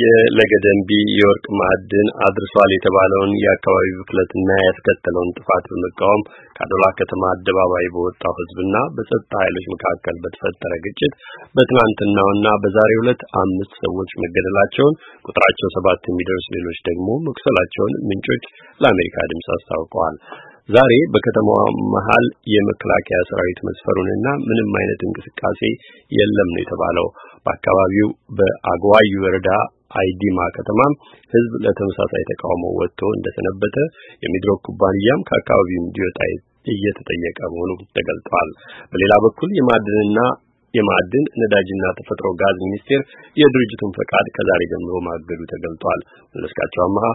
የለገደንቢ የወርቅ ማዕድን አድርሷል የተባለውን የአካባቢ ብክለትና ያስከተለውን ጥፋት በመቃወም ከአዶላ ከተማ አደባባይ በወጣው ህዝብና በጸጥታ ኃይሎች መካከል በተፈጠረ ግጭት በትናንትናውና በዛሬው ዕለት አምስት ሰዎች መገደላቸውን ቁጥራቸው ሰባት የሚደርስ ሌሎች ደግሞ መቁሰላቸውን ምንጮች ለአሜሪካ ድምፅ አስታውቀዋል። ዛሬ በከተማዋ መሀል የመከላከያ ሰራዊት መስፈሩንና ምንም አይነት እንቅስቃሴ የለም ነው የተባለው። በአካባቢው በአግዋይ ወረዳ አይዲማ ከተማም ህዝብ ለተመሳሳይ ተቃውሞ ወጥቶ እንደሰነበተ የሚድሮክ ኩባንያም ከአካባቢው እንዲወጣ እየተጠየቀ መሆኑ ተገልጧል። በሌላ በኩል የማዕድንና የማዕድን ነዳጅና ተፈጥሮ ጋዝ ሚኒስቴር የድርጅቱን ፈቃድ ከዛሬ ጀምሮ ማገዱ ተገልጧል። መለስካቸው አመሃ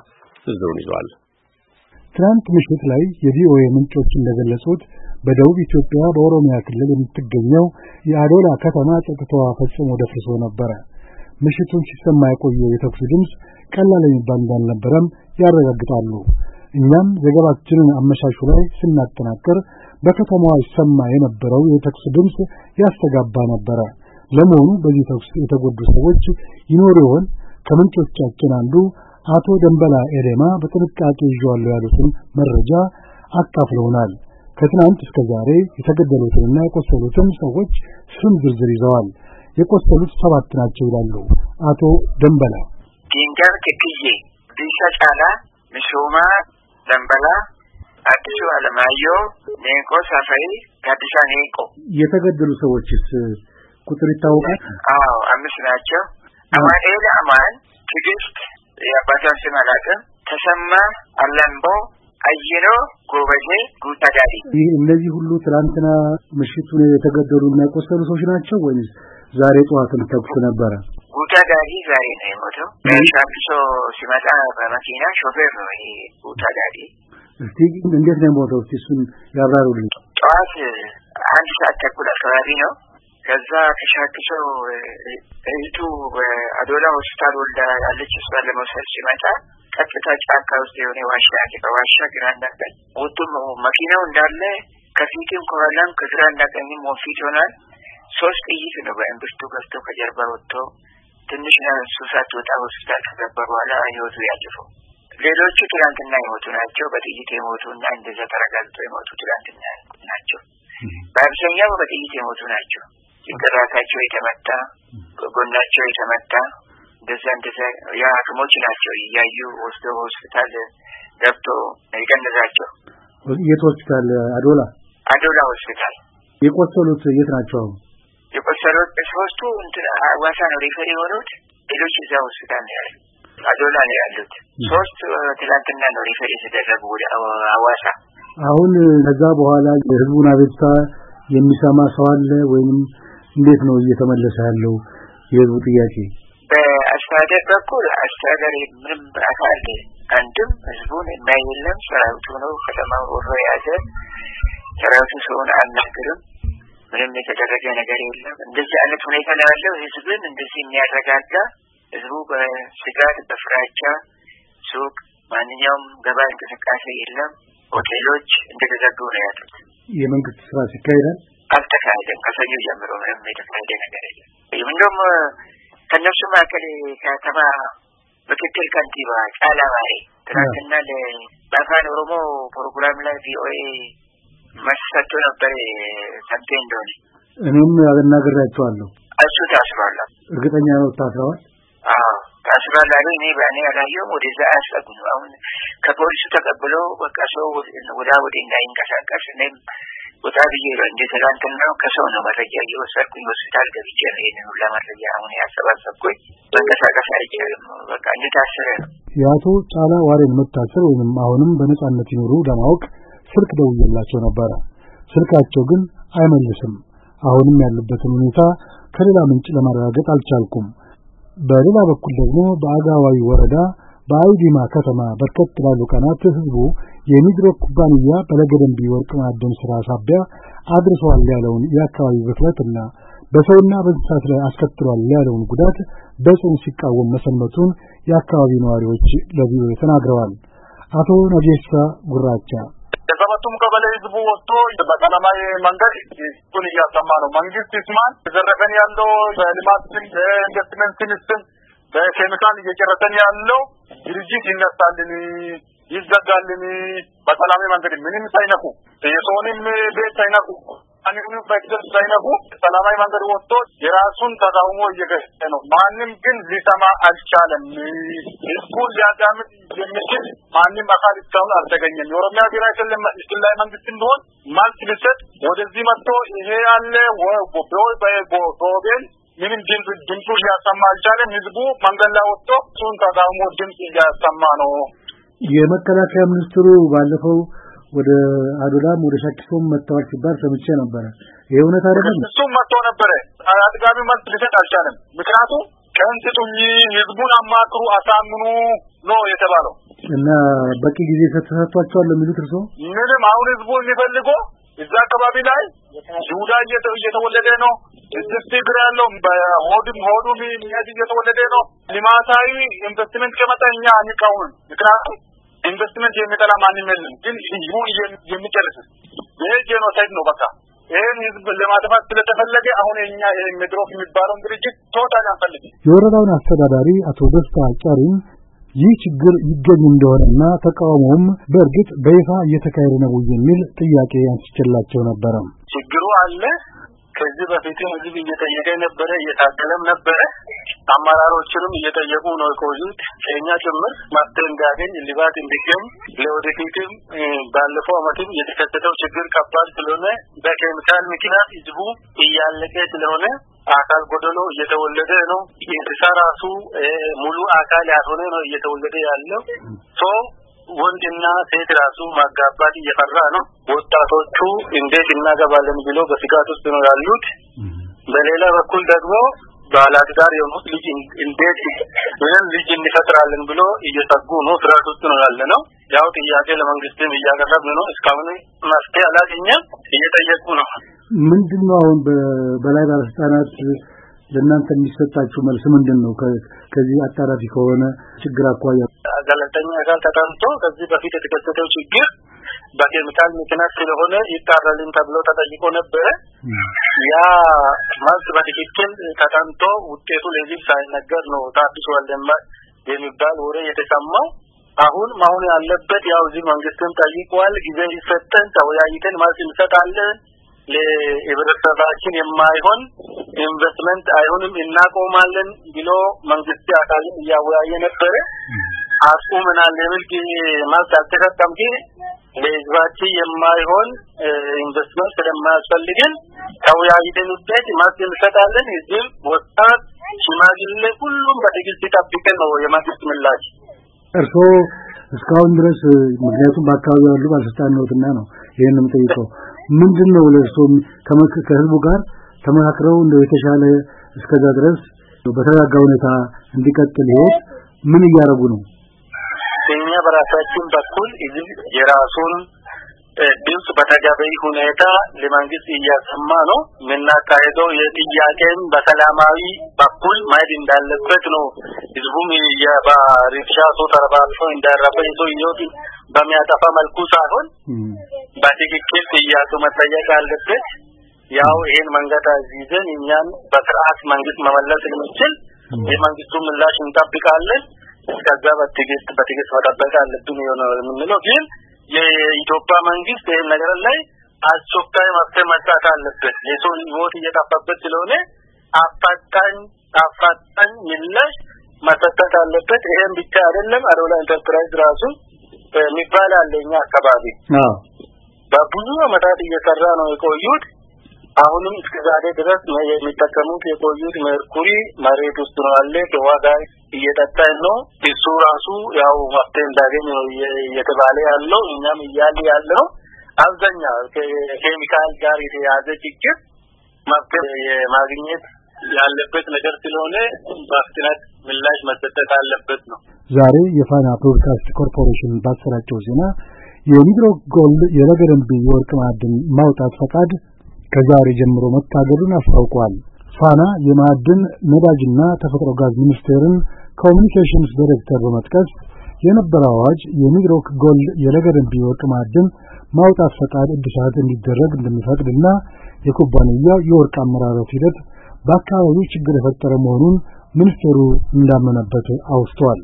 ዝርዝሩን ይዟል። ትናንት ምሽት ላይ የቪኦኤ ምንጮች እንደገለጹት በደቡብ ኢትዮጵያ በኦሮሚያ ክልል የምትገኘው የአዶላ ከተማ ጸጥታዋ ፈጽሞ ደፍርሶ ነበረ። ምሽቱን ሲሰማ የቆየው የተኩስ ድምፅ ቀላል የሚባል እንዳልነበረም ያረጋግጣሉ። እኛም ዘገባችንን አመሻሹ ላይ ስናጠናቅር በከተማዋ ይሰማ የነበረው የተኩስ ድምፅ ያስተጋባ ነበረ። ለመሆኑ በዚህ ተኩስ የተጎዱ ሰዎች ይኖሩ ይሆን? ከምንጮቻችን አንዱ አቶ ደንበላ ኤሬማ በጥንቃቄ ይዤዋለሁ ያሉትን መረጃ አካፍለውናል። ከትናንት እስከ ዛሬ የተገደሉትንና የቆሰሉትን ሰዎች ስም ዝርዝር ይዘዋል። የቆሰሉት ሰባት ናቸው ይላሉ አቶ ደንበላ። ዲንጋር ክክዬ፣ ቢሻ ጫላ፣ ምሹማ ደንበላ፣ አዲሱ አለማየሁ፣ ኔንቆ ሳፈሪ፣ ጋዲሳ ኔንቆ። የተገደሉ ሰዎችስ ቁጥር ይታወቃል? አዎ አምስት ናቸው። አማኤል አማን፣ ትግስት ስም አላቅም ተሰማ አላምባው አየኖ ጎበዜ ጉታዳሪ ይህ እነዚህ ሁሉ ትናንትና ምሽቱን የተገደሉ እና የቆሰሉ ሰዎች ናቸው ወይስ ዛሬ ጠዋትም ተኩስ ነበረ? ጉታዳሪ ዛሬ ነው የሞተው። ሻምሶ ሲመጣ በመኪና ሾፌር ነው ይሄ ጉታዳሪ። እስቲ እንዴት ነው የሞተው? እስቲ እሱን ያብራሩልኝ። ጠዋት አንድ ሰዓት ተኩል አካባቢ ነው ከዛ ተሻክሰው እህቱ በአዶላ ሆስፒታል ወልዳ ያለች እሷን ለመውሰድ ሲመጣ ቀጥታ ጫካ ውስጥ የሆነ ዋሻ ዋሻ ግራ እንዳቀኝ ወጡም መኪናው እንዳለ ከፊትም ከኋላም ከግራ እንዳቀኝም ወንፊት ይሆናል። ሶስት ጥይት ነው በእምብርቱ ገብቶ ከጀርባ ወጥቶ ትንሽ እሱ ሳትወጣ ሆስፒታል ከገባ በኋላ ህይወቱ ያለፈው። ሌሎቹ ትላንትና የሞቱ ናቸው። በጥይት የሞቱ እና እንደዛ ተረጋግጦ የሞቱ ትላንትና ናቸው። በአብዛኛው በጥይት የሞቱ ናቸው። ጭንቅራታቸው የተመታ ጎናቸው የተመታ እንደዛ እንደዛ ያ ናቸው እያዩ ወስዶ ሆስፒታል ገብቶ የገነዛቸው። የት ሆስፒታል? አዶላ አዶላ ሆስፒታል። የቆሰሉት የት ናቸው? አሁን የቆሰሉት ሶስቱ ዋሳ ነው ሪፈር የሆኑት፣ ሌሎች እዛ ሆስፒታል ነው ያሉት። አዶላ ነው ያሉት። ሶስት ትላንትና ነው ሪፈር የተደረጉ ወደ አዋሳ። አሁን ከዛ በኋላ የህዝቡን አቤቱታ የሚሰማ ሰው አለ ወይንም እንዴት ነው እየተመለሰ ያለው የህዝቡ ጥያቄ? በአስተዳደር በኩል አስተዳደር ምንም አካል አንድም ህዝቡን የማይለም ሰራዊቱ ነው ከተማውን ወሮ የያዘ ሰራዊቱ ሰውን አናግርም። ምንም የተደረገ ነገር የለም። እንደዚህ አይነት ሁኔታ ነው ያለው። ህዝብን እንደዚህ የሚያረጋጋ ህዝቡ በስጋት በፍራቻ ሱቅ፣ ማንኛውም ገባ እንቅስቃሴ የለም። ሆቴሎች እንደተዘጉ ነው ያሉት። የመንግስት ስራ ሲካሄዳል። አልተካሄደም። ከሰኞ ጀምሮ ምንም የተካሄደ ነገር የለም። ይህም እንደውም ከእነሱ መካከል ከተማ ምክትል ከንቲባ ጫላ ባሬ ትናንትና ለአፋን ኦሮሞ ፕሮግራም ላይ ቪኦኤ መሰቶ ነበር። ሰምቴ እንደሆነ እኔም አናግሬያቸዋለሁ። እሱ ታስሯል። እርግጠኛ ነው ታስረዋል። አዎ ታስሯል አሉ። እኔ በእኔ ያላየውም ወደዛ አያስጠጉም። አሁን ከፖሊሱ ተቀብሎ በቃ ሰው ወዳ ወደ እንዳይንቀሳቀስ እኔም ቦታ ብዬ እንደ ከሰው ነው መረጃ እየወሰድኩኝ ሆስፒታል ገብቼ ነው ይህንን ሁላ መረጃ አሁን ያሰባሰብኩኝ። መንቀሳቀስ አይቻልም በቃ እንደታሰረ ነው። የአቶ ጫላ ዋሬን መታሰር ወይንም አሁንም በነጻነት ይኑሩ ለማወቅ ስልክ ደውዬላቸው ነበረ። ስልካቸው ግን አይመልስም። አሁንም ያሉበትን ሁኔታ ከሌላ ምንጭ ለማረጋገጥ አልቻልኩም። በሌላ በኩል ደግሞ በአጋዋዊ ወረዳ በአይዲማ ከተማ በርከት ላሉ ቀናት ህዝቡ የሚድሮክ ኩባንያ በለገደምቢ ወርቅ ማዕድን ስራ ሳቢያ አድርሷል ያለውን የአካባቢ ብክለትና በሰውና በእንስሳት ላይ አስከትሏል ያለውን ጉዳት በጽኑ ሲቃወም መሰንበቱን የአካባቢ ነዋሪዎች ለቪኦኤ ተናግረዋል። አቶ ነጌሳ ጉራቻ የሰበቱም ቀበሌ ህዝቡ ወጥቶ በሰላማዊ መንገድ እሱን እያሰማ ነው። መንግስት ይስማን የዘረፈን ያለው በልማት ስም በኢንቨስትመንት ስም በኬሚካል እየጨረሰን ያለው ድርጅት ይነሳልን፣ ይዘጋልን፣ በሰላማዊ መንገድ ምንም ሳይነኩ የሰውንም ቤት ሳይነኩ አንንም በክደር ሳይነኩ ሰላማዊ መንገድ ወጥቶ የራሱን ተቃውሞ እየገሰ ነው። ማንም ግን ሊሰማ አልቻለም። ህዝቡን ሊያዳምጥ የሚችል ማንም አካል እስካሁን አልተገኘም። የኦሮሚያ ብሔራዊ ክልላዊ መንግስት እንደሆን መልስ ልሰጥ ወደዚህ መጥቶ ይሄ ያለ ወ ምንም ድምፅ ድምፁ ሊያሰማ አልቻለም። ህዝቡ መንገድ ላይ ወጥቶ እሱን ተቃውሞ ድምፅ እያሰማ ነው። የመከላከያ ሚኒስትሩ ባለፈው ወደ አዶላም ወደ ሻኪሶም መጥተዋል ሲባል ሰምቼ ነበረ። ይህ እውነት አይደለም? እሱም መጥቶ ነበረ። አጥጋቢ መልስ ሊሰጥ አልቻለም። ምክንያቱም ቀን ስጡኝ፣ ህዝቡን አማክሩ፣ አሳምኑ ነው የተባለው እና በቂ ጊዜ ተሰጥቷቸዋል የሚሉት እርስዎ ምንም አሁን ህዝቡ የሚፈልገው እዛ አካባቢ ላይ ይሁዳ እየተወለደ ነው። እዚህ ችግር ያለው ሆዱም ሆዱም እነዚህ እየተወለደ ነው። ልማታዊ ኢንቨስትመንት ከመጣ እኛ አንቃወምም። ምክንያቱም ኢንቨስትመንት የሚጠላ ማንም የለም። ግን ህዝቡ የሚጨርስ ይሄ ጄኖሳይድ ነው። በቃ ይህን ህዝብ ለማጥፋት ስለተፈለገ አሁን የኛ ይህ ሚድሮክ የሚባለውን ድርጅት ቶታል አንፈልግም። የወረዳውን አስተዳዳሪ አቶ ደስታ ጨሪን ይህ ችግር ይገኝ እንደሆነና ተቃውሞውም በእርግጥ በይፋ እየተካሄደ ነው የሚል ጥያቄ አንስቼላቸው ነበረ። ችግሩ አለ። ከዚህ በፊትም ህዝብ እየጠየቀ ነበረ፣ እየታገለም ነበረ። አመራሮችንም እየጠየቁ ነው የቆዩት። ከኛ ጭምር መፍትሄ እንዳገኝ ልባት እንዲገኝ ለወደፊትም ባለፈው አመትም የተከሰተው ችግር ከባድ ስለሆነ በኬሚካል ምክንያት ህዝቡ እያለቀ ስለሆነ አካል ጎደሎ እየተወለደ ነው። እንስሳ ራሱ ሙሉ አካል ያልሆነ ነው እየተወለደ ያለው ሰው ወንድና ሴት ራሱ ማጋባት እየፈራ ነው። ወጣቶቹ እንዴት እናገባለን ብሎ በስጋት ውስጥ ነው ያሉት። በሌላ በኩል ደግሞ ጋር የሆኑት ልጅ እንዴት ምንም ልጅ እንፈጥራለን ብሎ እየሰጉ ነው። ስርዓት ውስጥ ነው ያለ ነው። ያው ጥያቄ ለመንግስትም እያቀረብን ነው። እስካሁን መፍትሄ አላገኘም። እየጠየቁ ነው። ምንድነው አሁን በላይ ባለስልጣናት ለእናንተ የሚሰጣችሁ መልስ ምንድን ነው? ከዚህ አጣራፊ ከሆነ ችግር አኳያ ገለልተኛ አካል ተጠርቶ ከዚህ በፊት የተከሰተው ችግር በኬሚካል ምክንያት ስለሆነ ይጣራልን ተብሎ ተጠይቆ ነበረ። ያ መልስ በትክክል ተጠንቶ ውጤቱ ለዚህ ሳይነገር ነው ታድሷል የሚባል ወሬ የተሰማው። አሁን መሆን ያለበት ያው እዚህ መንግስትም ጠይቋል። ጊዜ ይሰጠን፣ ተወያይተን መልስ እንሰጣለን። ለህብረተሰባችን የማይሆን ኢንቨስትመንት አይሆንም እናቆማለን ብሎ መንግስት አካል እያወያየ ነበረ። አቁመናል የሚል መልስ አልተሰጠም። ግን ለህዝባችን የማይሆን ኢንቨስትመንት ስለማያስፈልግን ተወያይተንበት መልስ እንሰጣለን። ህዝብም ወጣት፣ ሽማግሌ ሁሉም በትዕግስት ጠብቀን ነው የመንግስት ምላሽ እርስዎ እስካሁን ድረስ ምክንያቱም በአካባቢው ያሉ ባለስልጣን ነዎትና ነው ይህን የምጠይቀው ምንድነው ለሱም ከህዝቡ ጋር ተመካክረው እንደ የተሻለ እስከዛ ድረስ በተረጋጋ ሁኔታ እንዲቀጥል ይሄ ምን እያደረጉ ነው? እኛ በራሳችን በኩል የራሱን ድምጽ በተገቢ ሁኔታ ለመንግስት እያሰማ ነው። የምናካሄደው የጥያቄን በሰላማዊ በኩል ማየት እንዳለበት ነው። ህዝቡም በሪብሻ ሶ ተረባርፎ እንዳረፈ ይዞ ህይወት በሚያጠፋ መልኩ ሳይሆን በትክክል ጥያቄው መጠየቅ አለበት። ያው ይሄን መንገድ አዚዘን እኛን በስርአት መንግስት መመለስ የሚችል የመንግስቱ ምላሽ እንጠብቃለን። እስከዛ በትግስት በትግስት መጠበቅ አለብን የሆነ የምንለው ግን የኢትዮጵያ መንግስት ይህን ነገር ላይ አስቸኳይ መፍትሄ መስጠት አለበት። የሰው ህይወት እየጠፋበት ስለሆነ አፋጣኝ አፋጣኝ ምላሽ መሰጠት አለበት። ይሄን ብቻ አይደለም አዶላ ኢንተርፕራይዝ ራሱ የሚባል አለ እኛ አካባቢ በብዙ አመታት እየሰራ ነው የቆዩት። አሁንም እስከ ዛሬ ድረስ የሚጠቀሙት የቆዩት መርኩሪ መሬት ውስጥ ነው ያለ ከውሃ ጋር እየጠጣ ነው። እሱ ራሱ ያው መፍትሄ እንዳገኝ ነው እየተባለ ያለው እኛም እያል ያለው አብዛኛው ከኬሚካል ጋር የተያዘ ችግር መፍትሄ የማግኘት ያለበት ነገር ስለሆነ በፍጥነት ምላሽ መሰጠት አለበት ነው። ዛሬ የፋና ብሮድካስት ኮርፖሬሽን ባሰራጨው ዜና የኒድሮ ጎልድ የወርቅ ማዕድን ማውጣት ፈቃድ ከዛሬ ጀምሮ መታገዱን አስታውቋል። ፋና የማዕድን ነዳጅና ተፈጥሮ ጋዝ ሚኒስቴርን ኮሚኒኬሽንስ ዲሬክተር በመጥቀስ የነበረ አዋጅ የሚድሮክ ጎልድ የለገደን ወርቅ ማዕድን ማውጣት ፈቃድ እድሳት እንዲደረግ እንደሚፈቅድና የኩባንያው የወርቅ አመራረት ሂደት በአካባቢው ችግር የፈጠረ መሆኑን ሚኒስቴሩ እንዳመነበት አውስተዋል።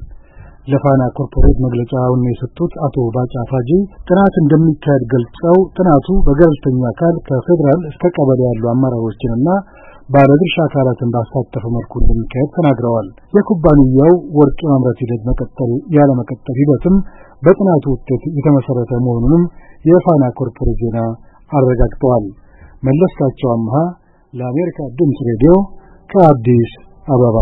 ለፋና ኮርፖሬት መግለጫውን የሰጡት አቶ ባጫ ፋጂ ጥናት እንደሚካሄድ ገልጸው ጥናቱ በገለልተኛ አካል ከፌዴራል እስከ ቀበሌ ያሉ አመራሮችንና ባለድርሻ አካላትን ባሳተፈ መልኩ እንደሚካሄድ ተናግረዋል። የኩባንያው ወርቅ የማምረት ሂደት መቀጠል ያለመቀጠል ሂደትም በጥናቱ ውጤት የተመሰረተ መሆኑንም የፋና ኮርፖሬት ዜና አረጋግጠዋል። መለስካቸው አምሃ ለአሜሪካ ድምፅ ሬዲዮ ከአዲስ አበባ